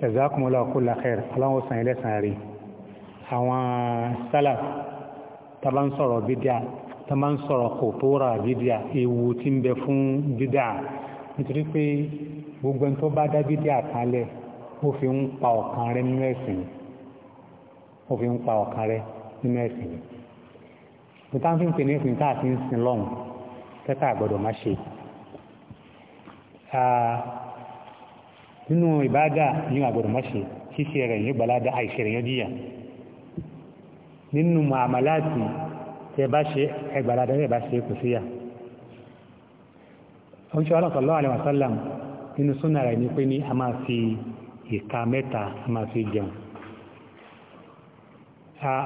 jazakumullahu kulla khair aláwọ̀ sàn ilẹ̀ sàn rí àwọn sálà tàbá ń sọ̀rọ̀ bídíà tàbá ń sọ̀rọ̀ kòtóra bídíà ewu tí ń bẹ fún bídíà nítorí pé gbogbo ẹni tó bá dá bídíà kalẹ̀ ó fi ń pa ọ̀kan rẹ nínú ẹ̀sìn ó fi ń pa ọ̀kan rẹ nínú ẹ̀sìn níta fi ń pè ní ìpín táà fi ń sin lọ́hùn tẹ́tà àgbọ̀dọ̀ má ṣe ah, nínú ìbáadà ní àgbọ̀dọ̀ mọ́ṣe ṣíṣe rẹ̀ yóò gbalada àìṣe rẹ̀ yóò díyà nínú màmàláàtì tẹ bá ṣe ẹgbàlada tẹ bá ṣe kò síyà oúnjẹ sallallahu alaihi wasallam nínú súnà rẹ̀ ní pé ní a máa fi ìka mẹ́ta a máa fi jẹun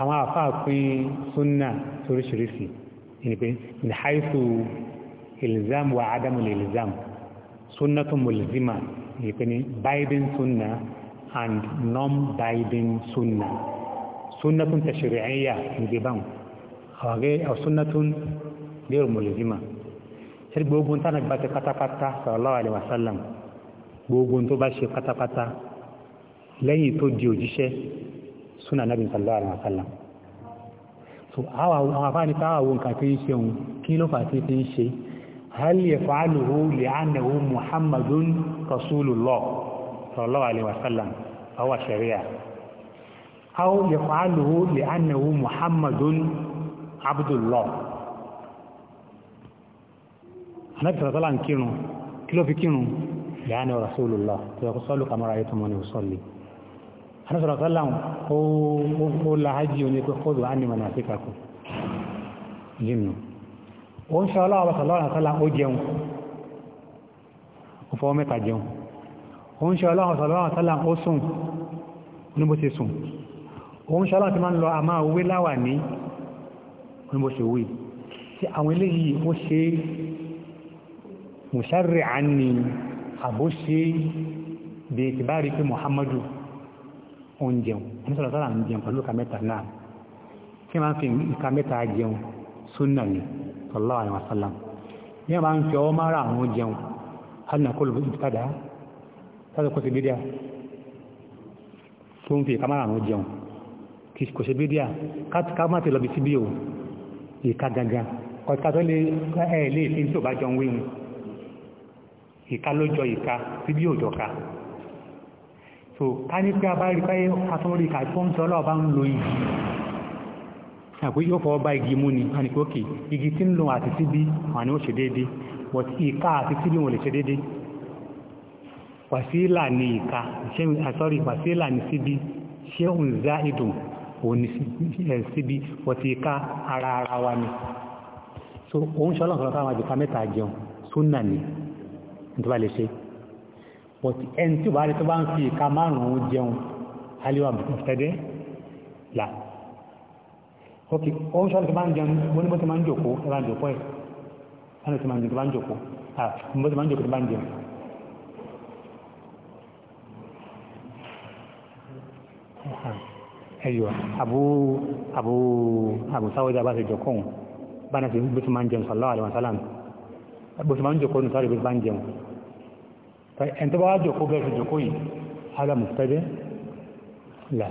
àwọn àfáà pín súnà oríṣiríṣi ní pé ní haifu wa adamu ilzam súnà tó mọ̀lẹ́zìmá lè pè ní biden sunna and non-biden sunna sunnatun tashri'iyya níbi báwọn àwàgẹ́ sunnatun lérò mọ̀lẹ́dìmá ṣe gbogbo tánà gbà ṣe pátápátá sallallahu alaihi wasallam gbogbo tó bá ṣe pátápátá lẹ́yìn tó di òjíṣẹ́ súnà nábì sallallahu alaihi wasallam so àwọn afáàní táwọn àwọn nǹkan tí ń ṣe òun kí ló fà sí ti ń ṣe hal yaf'aluhu li'annahu muhammadun rasulullah sallallahu alaihi wasallam fahuwa sharia aw yaf'aluhu li'annahu muhammadun abdullah anabi sallallahu alaihi kírun kí ló fi kírun li'annahu rasulullah tí wọ́n kó sọ́lù kamara ayé tó mọ́ ni ó sọ́lì anabi sallallahu alaihi ó lahají oní pé kó dùn á ní mọ̀ náà sí kakú jinnu òun ṣe ọlọ́wọ́ sọ̀lọ́rọ̀ sọ́lá ó jẹun ó fọwọ́ mẹ́ta jẹun òun ṣe ọlọ́wọ́ sọ̀lọ́rọ̀ sọ́lá ó sùn oníbó ti sùn òun ṣe ọlọ́wọ́ ti máa ń lọ àmá owé láwà ní oníbó ṣe wí tí àwọn eléyìí ó ṣe mùsàrì àní àbó ṣe bí ti bá rí pé Muhammadu ó ń jẹun ní sọ̀rọ̀ sọ́lá ń jẹun pẹ̀lú ìka mẹ́ta náà kí wọ́n fi ìka mẹ́ta jẹun súnà ni sallallahu alaihi wasallam ní ọba ń fi ọwọ́ mara àwọn jẹun hannakolu ìtàdá tàbí kò sí bídíà tó ń fi ìka mara àwọn jẹun kò sí bídíà ká má ti lọ bí sí bí o ìka gangan ọ̀tá tó lè ẹ̀ lè fi tí ò bá jọun wíhun ìka ló jọ ìka sí bí òjọ ka so ká ní pé a bá rí pé a tó rí ìka tó ń sọ ọlọ́ọ̀bá lo ìjì àpé yóò fọwọ́ bá igi mú ni a ní pé òkè igi tí ń lò àti síbí wà ní ó ṣe déédé but ìka àti síbí wọn lè ṣe déédé wàsílà ni ìka ah, sorry wàsílà ni síbí ṣé òun zá ìdùn òun ni síbí but ìka ara ara wa ni so òun ṣọlọ́n kan káwọn àjùká mẹ́ta jẹun súnà ni ní tó bá lè ṣe but ẹni tí ò rí tó bá ń fi ìka márùn-ún jẹun aliwa bùkún tẹ́dẹ́ là ok ó ṣọ́lù tó bá ń jẹun wọ́n ní bó ti máa ń jòkó ẹ̀rọ àjòkó ẹ̀ ẹ̀rọ ti máa ń jòkó bá ń jòkó ah bó ti máa ń jòkó tó bá ń jẹun ẹ̀yọ̀ àbú àbú àbùsáwọ́dá bá ti jòkó òun bá náà ti bó ti máa ń jẹun sallallahu alaihi wasallam bó ti máa ń jòkó ní sáré bó ti máa ń jẹun ẹni tó bá wá jòkó bẹ́ẹ̀ ti jòkó yìí hada mubtadi' la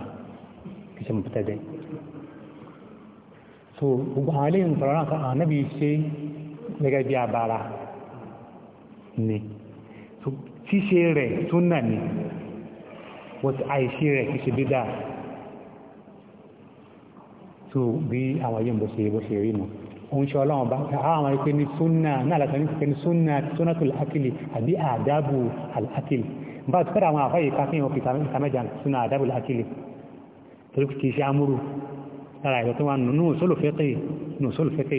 kìí ṣe mubtadi' so gbogbo àwọn eléyìí nǹkan náà kan ànábì ṣe gẹ́gẹ́ bí abara ni ṣíṣe rẹ̀ súnà ni wọ́n àìṣe rẹ̀ kì í ṣe bídà so bí àwọn yóò bó ṣe bó ṣe rí mu òun ṣe ọlọ́run bá àwọn ìpè ní súnà náà láti ní ìpè ní súnà súnà tó lákìlì àbí àdábù àlákìlì bá ti fẹ́ràn àwọn àfáyè ká fi hàn kìkà mẹ́jà súnà àdábù àlákìlì torí kì ṣe amúrù lára ìgbà tó wà nù usul fiqh nù usul fiqh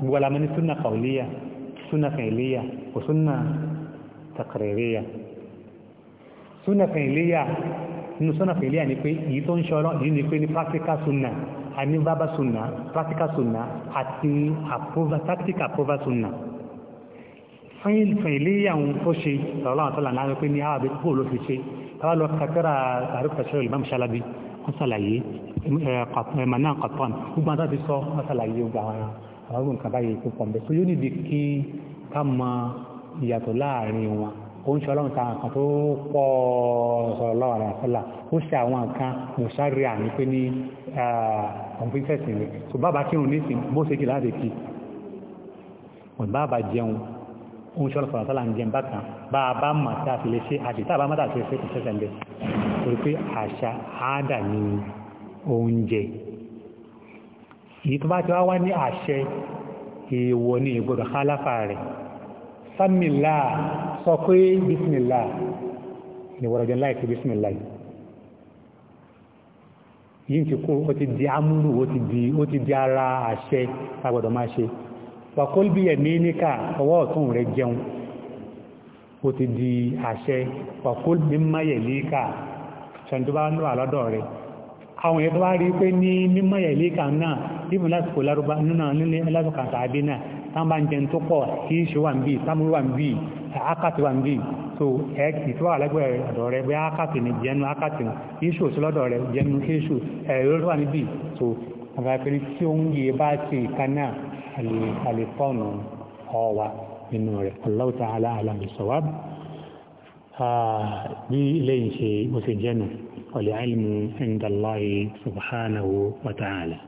gbogbo alamọ́ ní súnà kàwlíyà súnà fẹ̀líyà kò súnà taqririya súnà fẹ̀líyà nínú súnà fẹ̀líyà ni pé èyí tó ń ṣọ́rọ̀ èyí ni pé ní practical súnà àní verbal súnà practical súnà àti tactical approval súnà fẹ̀líyà ń tó ṣe ọ̀rọ̀ àwọn àtọ́là náà pé ní àwọn àbẹ̀kú ló fi ṣe káwá lọ kàtẹ́rà àríkọ̀ṣẹ́ ìlú mọ́ṣálábí wọ́n ṣàlàyé manan kọ̀tọ́n gbogbo àwọn ti sọ wọ́n ṣàlàyé gbogbo àwọn àwọn nǹkan báyìí tó pọ̀ mbẹ́ so yóò níbi kí ká mọ ìyàtọ̀ láàrin wọn ó ń ṣe ọlọ́run ta nǹkan tó pọ̀ sọ̀rọ̀ lọ́wọ́ rẹ̀ àfẹ́là ó ṣe ohun ṣọ́lọ́ sọ̀rọ̀ sọ́lá ń jẹun bá kan bá a bá mà tá a fi lè ṣe àti tá a bá mà tá a fi lè ṣe kò ṣẹ̀ṣẹ̀ ń bẹ̀ torí pé àṣà àádà ni oúnjẹ èyí tó bá ti wá wá ní àṣẹ èèwọ̀ ni ìgbọ́dọ̀ hálàfà rẹ̀ sámìlá sọ pé bísmìlá ìwọ̀rọ̀jọ́ láìsí bísmìlá yìí yìí ti kó ó ti di amúrù ó ti di ara àṣẹ wàkólbí ẹ̀mí níkà ọwọ́ ọ̀tún rẹ jẹun ó ti di àṣẹ wàkólbí máyẹ̀ líkà ṣàǹdúbà wà lọ́dọ̀ rẹ àwọn èèyàn tó bá rí pé ní mímáyẹ̀ líkà náà bíbù lásìkò lárúbá nínú nílé lásìkò àtàdé náà tá bá ń jẹun tó pọ̀ kí ṣe wà ń bì támúrú wà ń bì ákàtì wà ń bì so ẹ̀ẹ́kì tó wà lẹ́gbẹ̀ẹ́ ọ̀dọ̀ rẹ bí ákàtì ní jẹnu ákàtì iṣu sí lọ́dọ̀ rẹ jẹnu iṣu ẹ̀rọ tó wà níbì so àgbàfẹ́rí tí ó ń yé bá ti ìkan náà àlèkọ́nù ọ̀wà nínú rẹ̀ Allahu ta'ala a'lam bis-sawab bí ilé ìṣe bó ṣe jẹ́nu al-ilmu 'inda Allah subhanahu wa ta'ala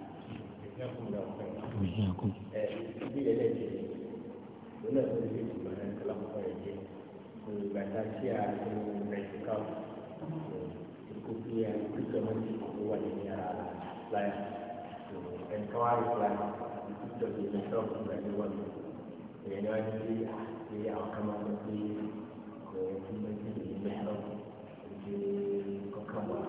ìgbàta tí a ti ń rẹ̀ ká ìkó bí a ń pèsè ọmọdé kò wà ní ara láyà ẹ̀ka wà ní láyà. في المحراب يعني هو يعني في في عقمة في في المحراب في كوكب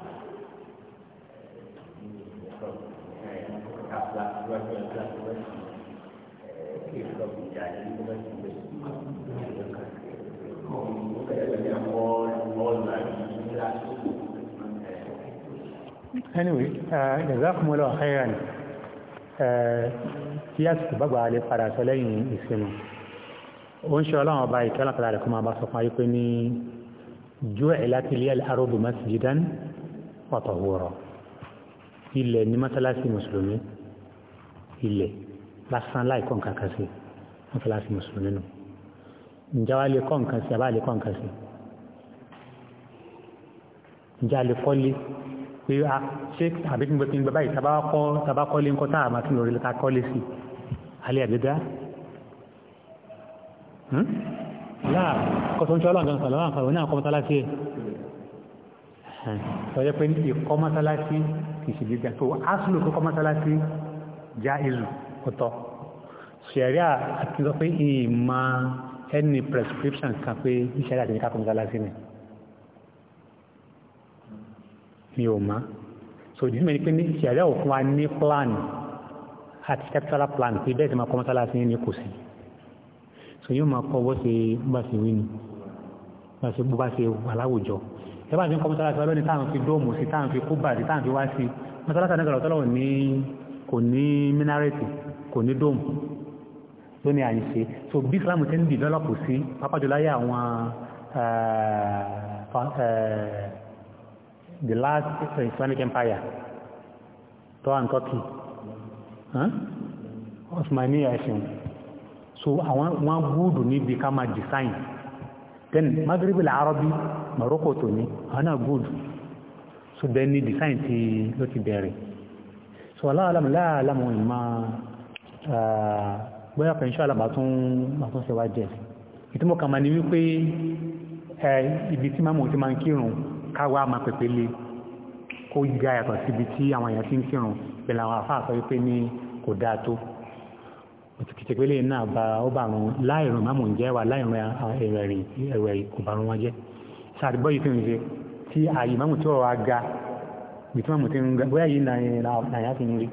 Anyway, uh, جزاكم الله خيرا. tí eh, àsìkò bá gbàgbà lè padà sọ lẹ́yìn ìsinmi ó ń ṣe ọlọ́run ọba ìkẹ́lá padà rẹ̀ kó máa bá sọ fún ayé pé ní ju'ilat liyal ardu masjidan wa tahura ilẹ̀ ní mọ́sálásí mùsùlùmí ilẹ̀ lásán láìkọ́ nǹkan kan sí mọ́sálásí mùsùlùmí nù ǹjẹ́ wàá lè kọ́ nǹkan sí àbá lè kọ́ nǹkan sí ǹjẹ́ àlè kọ́lé pé a ah, ṣe àbí kí n gbẹ̀kí gbẹ̀ báyìí tabakọ́lé ń kọ́ táà máa tún lórí lẹ́ta kọ́lé sí alẹ́ àgbẹ́dá láà hmm? kọ́sọ́ ń ṣọ́ ọlọ́run kan sọ̀rọ̀ àwọn àwọn akọ́mọ́tálásí ẹ̀ sọ́jọ́ pé ìkọ́mọ́tálásí kì í ṣe gbígbà tó áṣùlù kọ́mọ́tálásí já ìzù ọ̀tọ̀ ṣẹ̀ríà àti sọ pé ìmọ̀ ẹni prescription kan pé ìṣẹ̀lẹ̀ àti ìkàkọ́mọ́tálásí ni mi ò má so ìdí mẹ́rin pé ní ṣẹ̀rẹ́ òfin wa ní plan architectural plan pé bẹ́ẹ̀ sì máa kọ́ mọ́sálásí ní kò sí so yóò máa kọ́ bó ṣe bá ṣe wí ni bá ṣe bó bá ṣe wà láwùjọ ẹ bá ṣe ń kọ́ mọ́sálásí wa lónìí táwọn fi dóòmù sí táwọn fi kúbà sí táwọn fi wá sí mọ́sálásí àná gbàlọ́tọ́lọ́ ní kò ní mínárètì kò ní dóòmù lónìí àyè ṣe so bí Islam ti ń develop sí pápájọ láyé àwọn ah, eh, the last Islamic empire tó wà ní Turkey Osmania think. so àwọn wọn gúdù to become a design then Maghrib al-Arabi Morocco tó ní àwọn náà gúdù so then ní design to ló ti bẹ̀rẹ̀ so aláàlámù láàlámù ìmọ̀ ah, bóyá pẹ̀lú àlàbà tún àtúnṣe wá jẹ́ ìtumọ̀ kan máa ní wípé eh, ibi tí máa mú ti máa ń kírun káwa máa pèpè lé kó já yàtọ̀ síbi tí àwọn èèyàn ti ń kírun pẹ̀lú àwọn àfáà sọ wípé ní kò dáa tó òtìkìtìpélé náà bá ó bá àwọn láìrùn máàmù ń jẹ́ wà láìrùn ẹ̀rẹ̀rìn ẹ̀rẹ̀rìn kò bá wọn jẹ́ sàdúgbọ́ yìí fi ń ṣe tí ààyè máàmù tí ọ̀rọ̀ aga bí tí máàmù ti ń ga bóyá yìí nàyà fi ń rí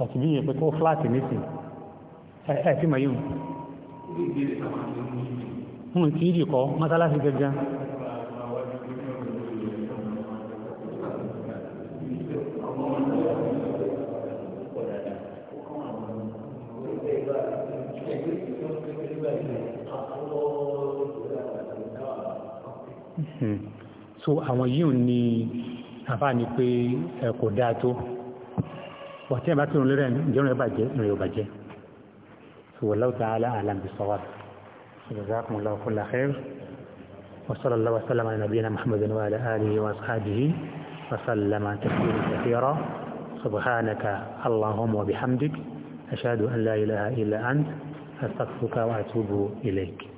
ọ̀tún bí yẹn pé kó fúláàtì nísìn ẹ̀ fi mọ̀ yìí hùn kì í dì kọ́ mọ́sálásí gẹ́gẹ́ so àwọn yìí ò ní àbá ni pé ẹ kò dáa tó wà tí ẹ bá tí òun lérẹ̀ ìjọba ẹ bàjẹ́ ìrìn ò bàjẹ́ so wallahu ta'ala a'lam bis-sawab jazakumullahu kulla khair wa sallallahu wa sallama ala nabiyyina muhammadin wa ala alihi wa ashabihi wa sallama taslima kathira سبحانك اللهم وبحمدك أشهد أن لا إله إلا أنت أستغفرك وأتوب إليك